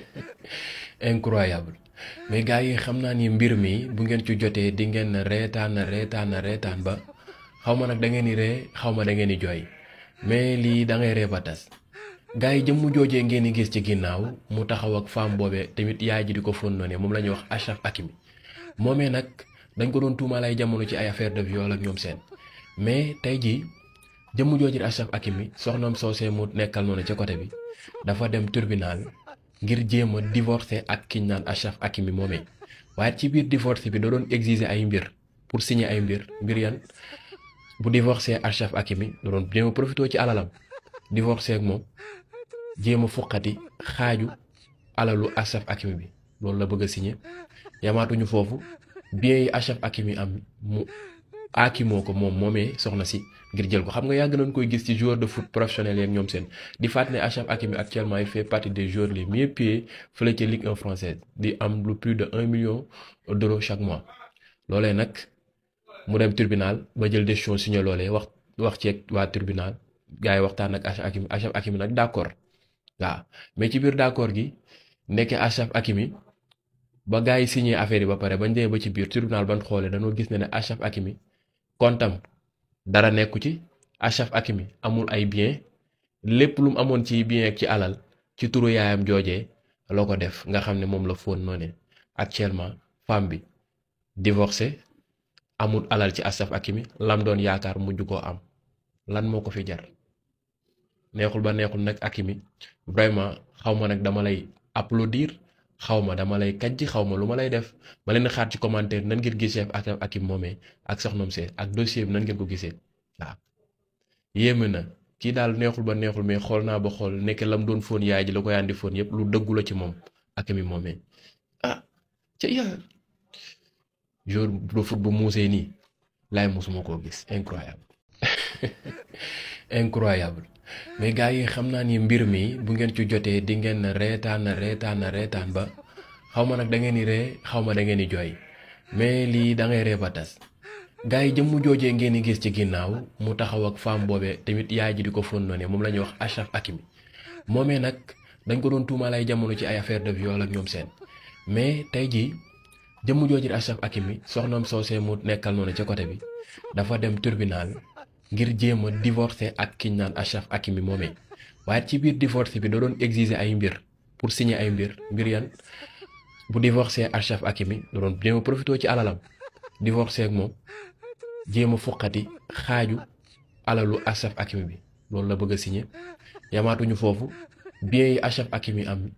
incroyable mais gars yi xam naa ni mbir mi bu ngeen ci jotee di ngeen reetaan reetaan reetaan ba xaw ma nag da ngeen di ree xaw ma da ngeen di jooy mais lii da ngay ree ba tas gars yi jëmm joojee ngeen di gis ci ginnaaw mu taxaw ak femme boobee tamit yaay ji di ko fóon noonee moom lañu ñuy wax Achraf Hakimi moomee nag dañ ko doon tuumaal ay jamono ci ay affaire de yool ak ñoom seen mais tey jii jëmm jooju Achraf Hakimi soxnaam soosee mu nekkal noonu ci côté bi dafa dem tribunal ngir jéem a divorcé ak ki ñu naan Achraf Hakimi moomee waaye ci biir divorce bi da doon exiger ay mbir pour signer ay mbir mbir yan bu divorcé Achraf Hakimi da doon jéem a profité ci alalam divorcé ak moom jéem a fuqati xaaju alalu Achraf Hakimi bi loolu la bëgg a signer yamaatuñu foofu bien yi Achraf am mu aaki moo ko moom moomee soxna si ngir jël ko xam nga yàgg nañ koy gis ci joueur de foot professionnel yeeg ñoom seen di fàttali ne Achraf Hakimi actuellement il fait partie des joueurs les mieux payés fële ca Ligue 1 française di am lu plus de un million d'euros chaque mois. loolee nag mu dem tribunal ba jël décision signé loolee wax wax ceeg waa tribunal gars yi waxtaan ak Achraf Hakimi Achraf Hakimi nag d'accord waaw mais ci biir d'accord gi nekkee Achraf Hakimi ba gars yi signé affaire yi ba pare bañ demee ba ci biir tribunal ban xoolee dañoo gis ne ne Achraf Hakimi kontam dara nekku ci Achraf Hakimi amul ay bien lépp lu mu amoon ci bien ak ci alal ci turu yaayam joojee loo ko def nga xam ne moom la fóon noonee actuellement femme bi divorcé amul alal ci Achraf Hakimi lam doon yaakaar mujj koo am lan moo ko fi jar neexul ba neexul nag Hakimi vraiment xaw nag dama lay applaudir xaw ma dama lay kàjj xaw ma lu ma lay def ma leen xaar ci commentaire nan ngeen gisee ak ak i moomee ak soxna see ak dossier bi nan ngeen ko gisee waaw. yéeme na kii daal neexul ba neexul mais xool naa ba xool nekk lam doon foon yaay ji la ko yaandi fóon yëpp lu dëggu la ci moom ak mi moomee ah ca yaa jour bu foot bu nii lay mosuma koo gis incroyable incroyable. mais gars yi xam naa ni mbir mi bu ngeen ci jotee di ngeen reetaan reetaan reetaan ba xaw ma nag da ngeen di ree xaw ma da ngeen di jooy mais lii da ngay ree ba tas gars yi jëmm joojee ngeen di gis ci ginnaaw mu taxaw ak femme boobee tamit yaay ji di ko fóon noonee moom la ñuy wax Achraf Hakimi moomee nag dañ ko doon tuumaal ay jamono ci ay affaire de viol ak ñoom seen mais tey jii jëmm jooju Achraf Hakimi soxnaam soosee mu nekkal noonu ci côté bi dafa dem tribunal ngir jéem a divorcé ak kiñ naan Achraf Hakimi moomee waaye ci biir divorce bi da doon exiger ay mbir pour signer ay mbir mbir yan bu divorcé Achraf Hakimi da doon jéem a profité ci alalam divorcé ak moom jéem a fuqati xaaju alalu Achraf Hakimi bi loolu la bëgg a signer yamaatuñu foofu bien yi Achraf am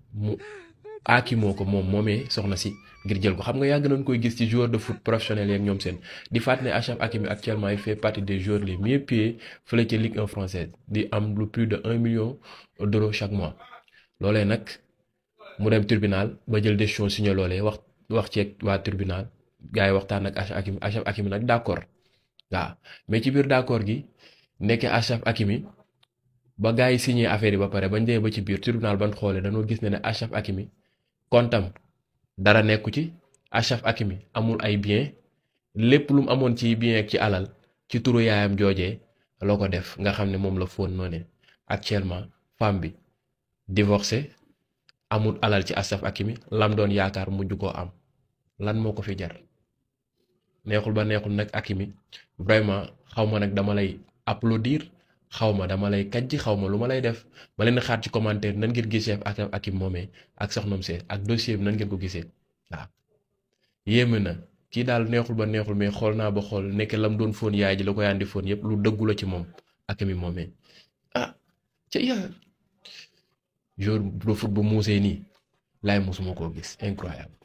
aaki moo ko moom moomee soxna si ngir jël ko xam nga yàgg nañ koy gis ci jour de foot professionnel yeeg ñoom seen di fàttali ne Achraf Hakimi actuellement il fait partie des joueurs les mieux payés fële ci Ligue 1 française di am lu plus de un million d'euros chaque mois. loolee nag mu dem tribunal ba jël des décision signé loolee wax wax ceeg waa tribunal gars yi waxtaan ak Achraf Hakimi Achraf Hakimi nag d'accord waaw mais ci biir d'accord gi nekkee Achraf Hakimi ba gars yi signé affaire yi ba pare bañ demee ba ci biir tribunal ban xoolee dañoo gis ne ne Achraf Hakimi kontam dara nekku ci Achraf Hakimi amul ay bien lépp lu mu amoon ci bien ak ci alal ci turu yaayam joojee loo ko def nga xam ne moom la fóon noo ne actuellement femme bi divorcé amul alal ci Achraf Hakimi lam doon yaakaar mujj koo am lan moo ko fi jar neexul ba neexul nag Hakimi vraiment xaw ma nag dama lay applaudir xaw ma dama lay kaj ci xaw ma lu ma lay def ba leen xaar ci commentaire nan ngeen gisee ak ak i moomee ak soxnam see ak dossier bi nan ngeen ko gisee waaw. yéeme na kii daal neexul ba neexul mais xool naa ba xool nekk lam doon fóon yaay ji la ko yaandi fóon yépp lu dëggu la ci moom ak mi moomee ah ca jour bu foot muusee nii laay musuma koo gis incroyable.